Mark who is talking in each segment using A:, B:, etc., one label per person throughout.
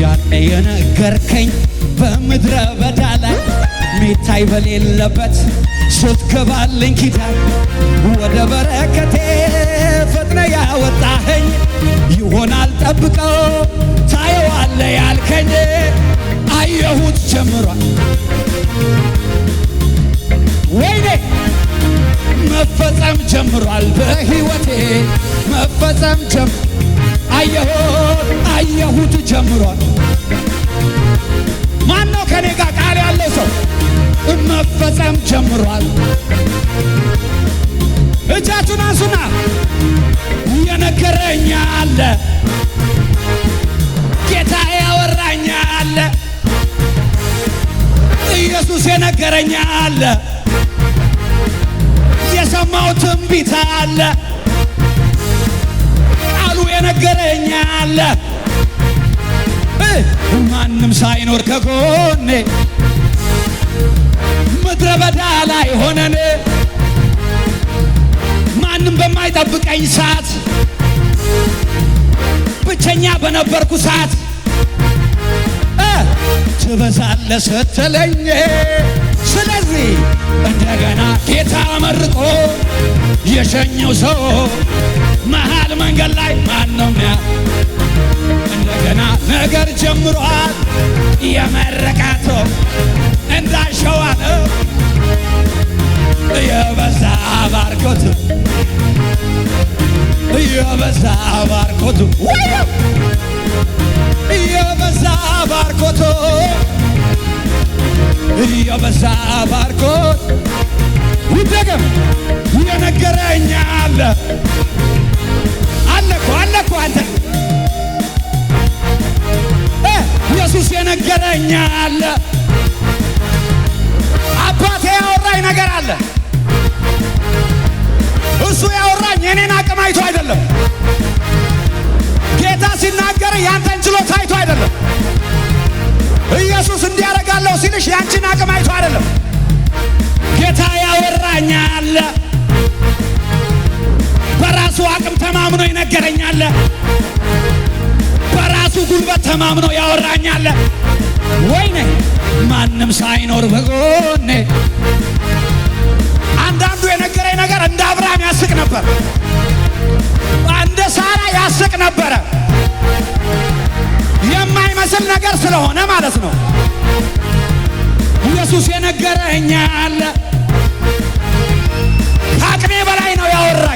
A: ያኔ የነገርከኝ በምድረ በዳ ላይ ሚታይ በሌለበት ስትገባልኝ ኪዳን ወደ በረከቴ ፈጥነ ያወጣኸኝ ይሆናል ጠብቀው ታየዋለ ያልከኝ አየሁት ጀምሯል ወይኔ መፈጸም ጀምሯል በሕይወቴ መፈጸም ሲሮጥ አየሁት ጀምሯል። ማነው ከኔ ጋር ቃል ያለው ሰው መፈጸም ጀምሯል። እጃችሁን አንሱና የነገረኛ አለ ጌታ ያወራኛ አለ ኢየሱስ የነገረኛ አለ የሰማው ትንቢታ አለ የነገረኝ አለ ማንም ሳይኖር ከጎኔ ምድረ በዳ ላይ ሆነን ማንም በማይጠብቀኝ ሰዓት ብቸኛ በነበርኩ ሰዓት ትበዛለ ስትለኝ ስለዚህ እንደገና ጌታ መርቆ የሸኘው ሰው መሃል መንገድ ላይ ማነው እንደገና ነገር ጀምሯል የመረቃቶ እንዳሸዋ ነው የበዛ ባርኮቱ የበዛ ባርኮቱ የበዛ ባርኮቱ የበዛ ባርኮት ይደገም የነገረኛል ቅዱስ የነገረኝ አለ። አባቴ ያወራኝ ነገር አለ። እሱ ያወራኝ የኔን አቅም አይቶ አይደለም። ጌታ ሲናገር ያንተን ችሎታ አይቶ አይደለም። ኢየሱስ እንዲያደርጋለሁ ሲልሽ ያንቺን አቅም አይቶ አይደለም። ጌታ ያወራኝ አለ። በራሱ አቅም ተማምኖ ይነገረኛል። በእሱ ጉልበት ተማምኖ ያወራኛለ። ወይኔ ማንም ሳይኖር በጎኔ አንዳንዱ የነገረኝ ነገር እንደ አብርሃም ያስቅ ነበር፣ እንደ ሳራ ያስቅ ነበረ። የማይመስል ነገር ስለሆነ ማለት ነው። ኢየሱስ የነገረኝ አለ ከአቅሜ በላይ ነው ያወራ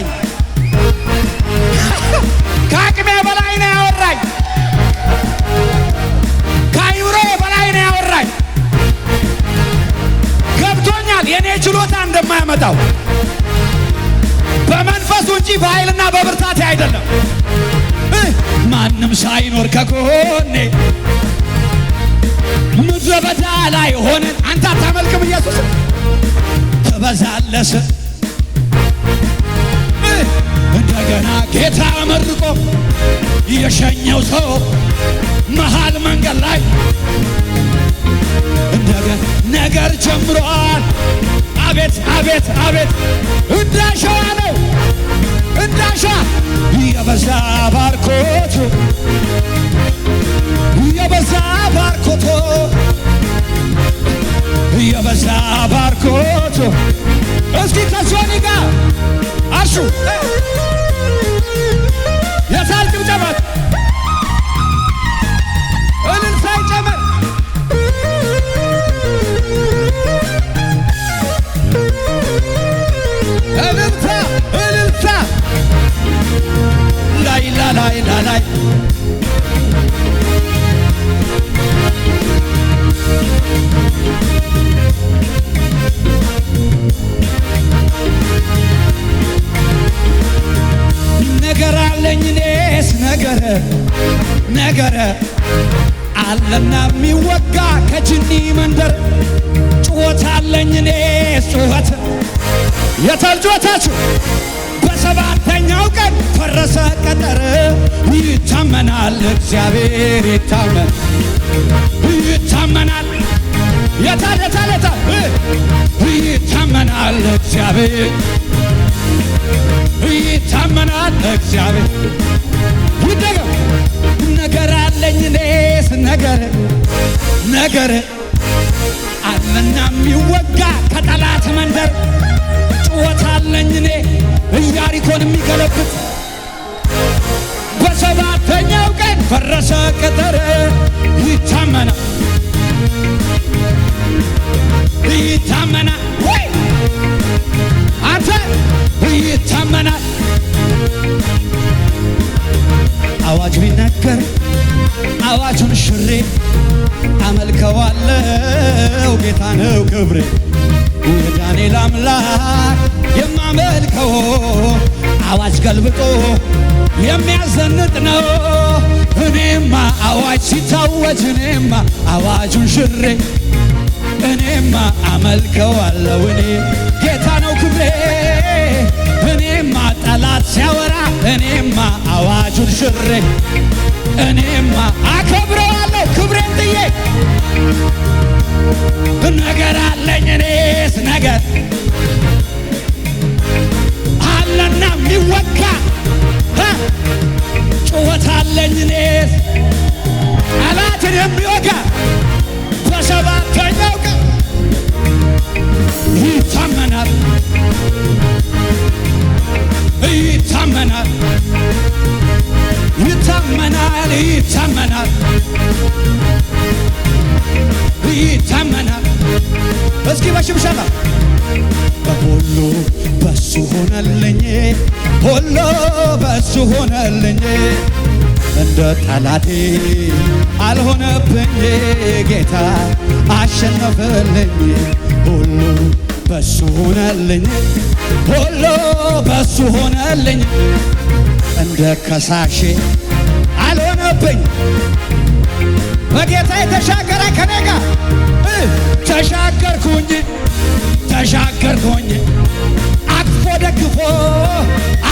A: የእኔ ችሎታ እንደማያመጣው በመንፈሱ እንጂ በኃይልና በብርታቴ አይደለም። ማንም ሳይኖር ከጎኔ ምድረ በዳ ላይ ሆነን አንተ አታመልክም ኢየሱስ ትበዛለስ እንደገና ጌታ መርቆ የሸኘው ሰው መሃል መንገድ ላይ እንደገና ነገር ጀምሯል። አቤት አቤት አቤት እንዳሸዋ ነው እንዳሸዋ የበዛ ባርኮቱ የበዛ ባርኮቶ የበዛ ባርኮቶ እስኪ ከዞኒ ጋር አሹ የሳል ጭብጨባት ነገር አለኝ እኔስ ነገረ ነገረ አለና የሚወጋ ከጅኒ መንደር ጩኸት አለኝ እኔስ ጩኸት የተልጆታችሁ በሰባተኛው ቀን ፈረሰ ቀጠር ይታመናል እግዚአብሔር ይታመን ይታመናል የታል ይታመናል እግዚአብሔር ይታመናል እግዚአብሔር። ነገር አለኝ ነገር ነገር አለና የሚወጋ ከጠላት መንደር ጭወት አለኝ እኔ ኢያሪኮን የሚገለብጥ በሰባተኛው ቀን ፈረሰ ቅጥር ይታመናል አመልከዋለው ጌታ ነው ክብሬ የዳንኤል አምላክ የማመልከው አዋጅ ገልብጦ የሚያዘንጥ ነው። እኔማ አዋጅ ሲታወጅ እኔማ አዋጁን ሽሬ እኔማ አመልከዋለው እኔ ጌታ ነው ክብሬ እኔማ ጠላት ሲያወራ እኔማ አዋጁን ሽሬ እኔማ አከብረ ክብሬን ጥዬ ነገር አለኝ እኔስ ነገር አለና የሚወጋ ቃል ይታመናል ይታመናል። እስኪ በሽብሸባ በሁሉ በሱ ሆነልኝ፣ ሁሉ በሱ ሆነልኝ። እንደ ጠላቴ አልሆነብኝ፣ ጌታ አሸነፈልኝ። ሁሉ በሱ ሆነልኝ፣ ሁሉ በሱ ሆነልኝ። እንደ ከሳሼ ሆነብኝ። በጌታ የተሻገረ ከኔ ጋር ተሻገርኩኝ ተሻገርኩኝ አቅፎ ደግፎ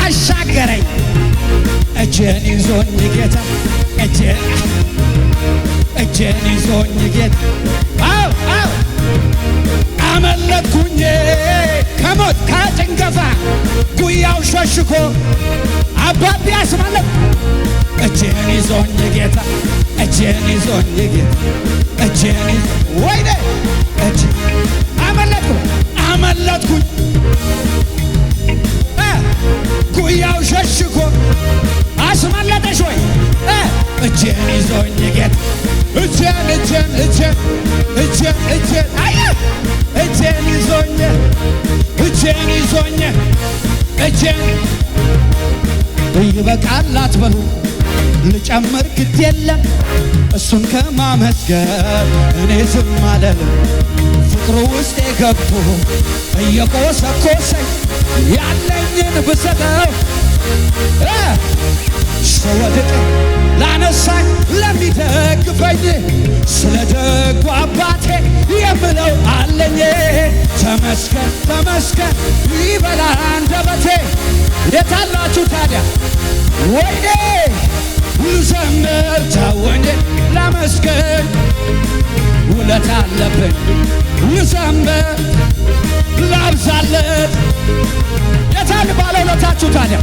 A: አሻገረኝ። እጄን ይዞኝ ጌታ እጄን ይዞኝ ጌታ አው አው አመለጥኩኝ ከሞት ከጭንገፋ ጉያው ሸሽኮ አባቢ አስማለት እጄን ይዞኝ ጌታ እጄን ይዞኝ ጌታ እጄን ወይኔ እጄ አመለጥኩ አመለጥኩኝ ጉያው ሸሽኮ አስመለጠሽ ወይ እጄን ይዞኝ ጌታ እጄን እጄን እጄን እጄን እጄን አየ እጄን ይዞኝ እጄን ይዞኝ እጄን ይበቃል አትበሉ ልጨምር ግድ የለም እሱን ከማመስገን እኔ ዝም አለልም ፍቅሩ ውስጥ የገብቶ እየቆሰቆሰኝ ያለኝን ብሰጠው ስወድቅ ላነሳኝ ለሚደግፈኝ ስለ ደጉ አባቴ የምለው አለኝ ተመስገን ተመስገን ይበላ አንደበቴ የታላችሁ ታዲያ ወይኔ ልዘምር ታወኔ ላመስገን ውለት አለብን ልዘምር ላብዛለት የታል ባለ ውለታችሁ ታዲያ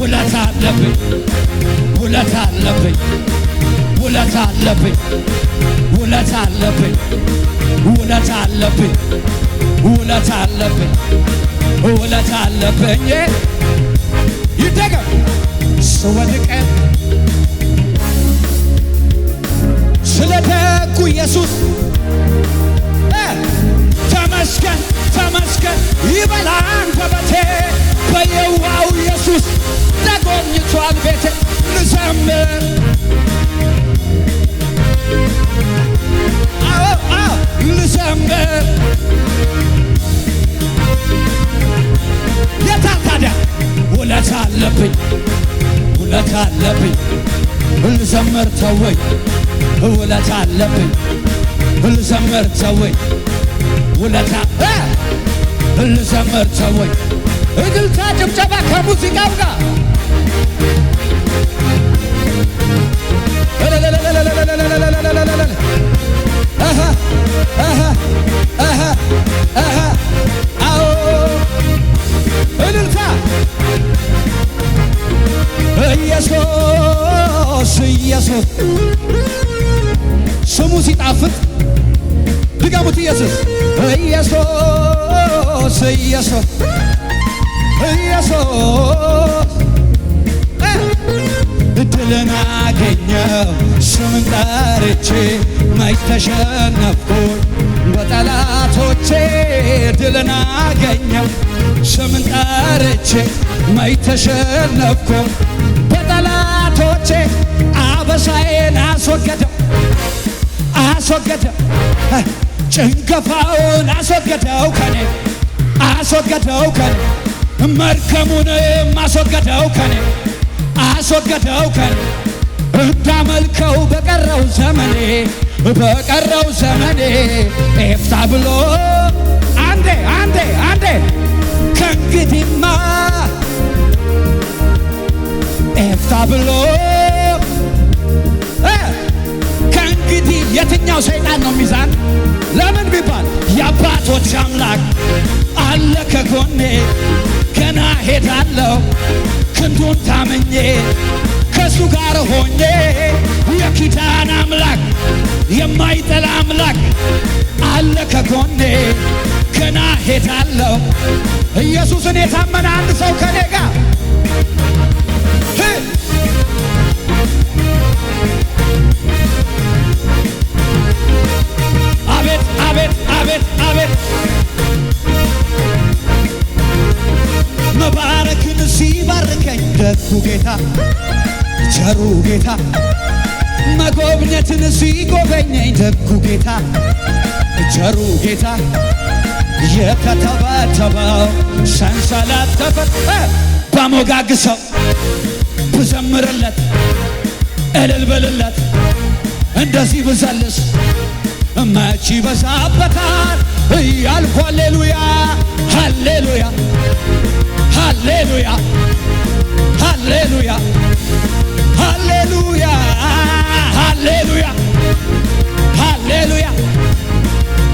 A: ውለት አለብኝ ውለት አለብኝ ውለት አለብኝ ውለት አለብኝ ውለት አለብኝ ውለት አለብኝ ውለት አለብኝ ስወድቀን ስለ ደጉ ኢየሱስ ተመስገን ተመስገን ይበላን ገበቴ በየዋው ኢየሱስ ተጎብኝቷል ቤቴ ንዘምር ንዘምር የታታዲያ ውለታ አለብኝ ውለታ አለብኝ ልዘምር ተወኝ ውለታ አለብኝ ልዘምር ተወኝ ውለታ ልዘምር ተወኝ እልልታ ጭብጨባ ከሙዚቃው ጋር ድልን አገኘው ስምን ጠርቼ መች ተሸነፍኩኝ በጠላቶቼ ድልን አገኘው ስምን ጠርቼ መች ተሸነፍኩኝ በጠላቶቼ አበሳዬን አስወገደው አስወገደው ጭንገፋውን አስወገደው ከኔ አስወገደው ከኔ መርከሙንም አስወገደው ከኔ አስወገደው ከን እንዳመልከው በቀረው ዘመኔ በቀረው ዘመኔ ኤፍታ ብሎ አንዴ አንዴ አንዴ ከእንግዲማ ኤፍታ ብሎ ከእንግዲህ የትኛው ሰይጣን ነው ሚዛን? ለምን ቢባል የአባቶች አምላክ አለ ከጎኔ ገና ሄዳለሁ ክንዱን ታምኜ ከሱ ጋር ሆኜ የኪዳን አምላክ የማይጠላ አምላክ አለ ከጎኔ ገና ሄዳለሁ ኢየሱስን የታመነ አንድ ሰው ከኔ ጋር ቸሩ ጌታ ቸሩ ጌታ መጎብኘትን ሲጎበኘኝ ደጉ ጌታ ቸሩ ጌታ የተተበተበው ሰንሰለት ተፈጠረ ባሞጋግሰው ብዘምርለት እልል ብልለት እንደዚህ ብዘልስ መች ይበዛበታል እያልኩ ሃሌሉያ ሃሌሉያ ሃሌሉያ ሃሌሉያ ሃሌሉያ ሃሌሉያ ሃሌሉያ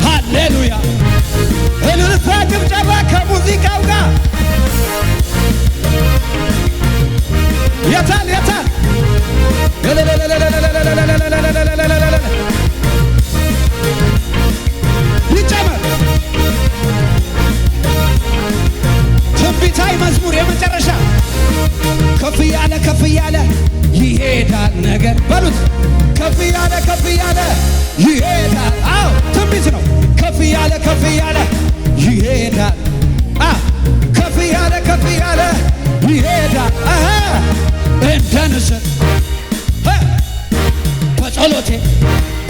A: ሃሌሉያ እልልታ ጭብጨባ ከሙዚቃው ጋር ከፍ ያለ ይሄዳል እንደ ንስር በጸሎቴ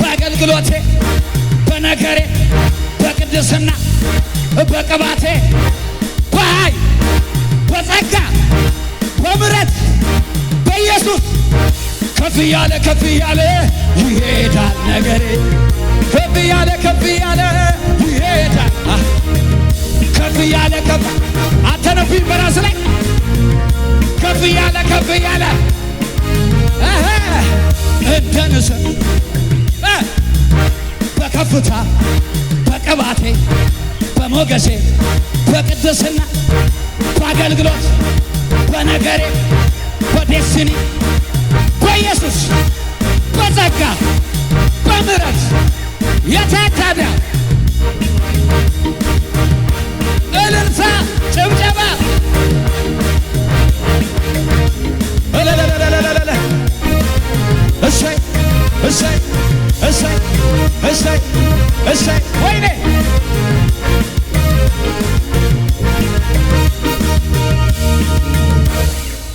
A: በአገልግሎቴ በነገሬ በቅድስና በቅባቴ በኃይ በጸጋ በምረት በኢየሱስ ከፍ ያለ ከፍ ይሄዳል ነገሬ ከፍ ከፍ ከፍ እያለ ከፍ አተነፊ በራስ ላይ ከፍ እያለ ከፍ እያለ እንደ በከፍታ በቅባቴ በሞገሴ በቅድስና በአገልግሎት በነገሬ በዴስኒ በኢየሱስ በጸጋ በምሕረት የታታዳ say, wait it.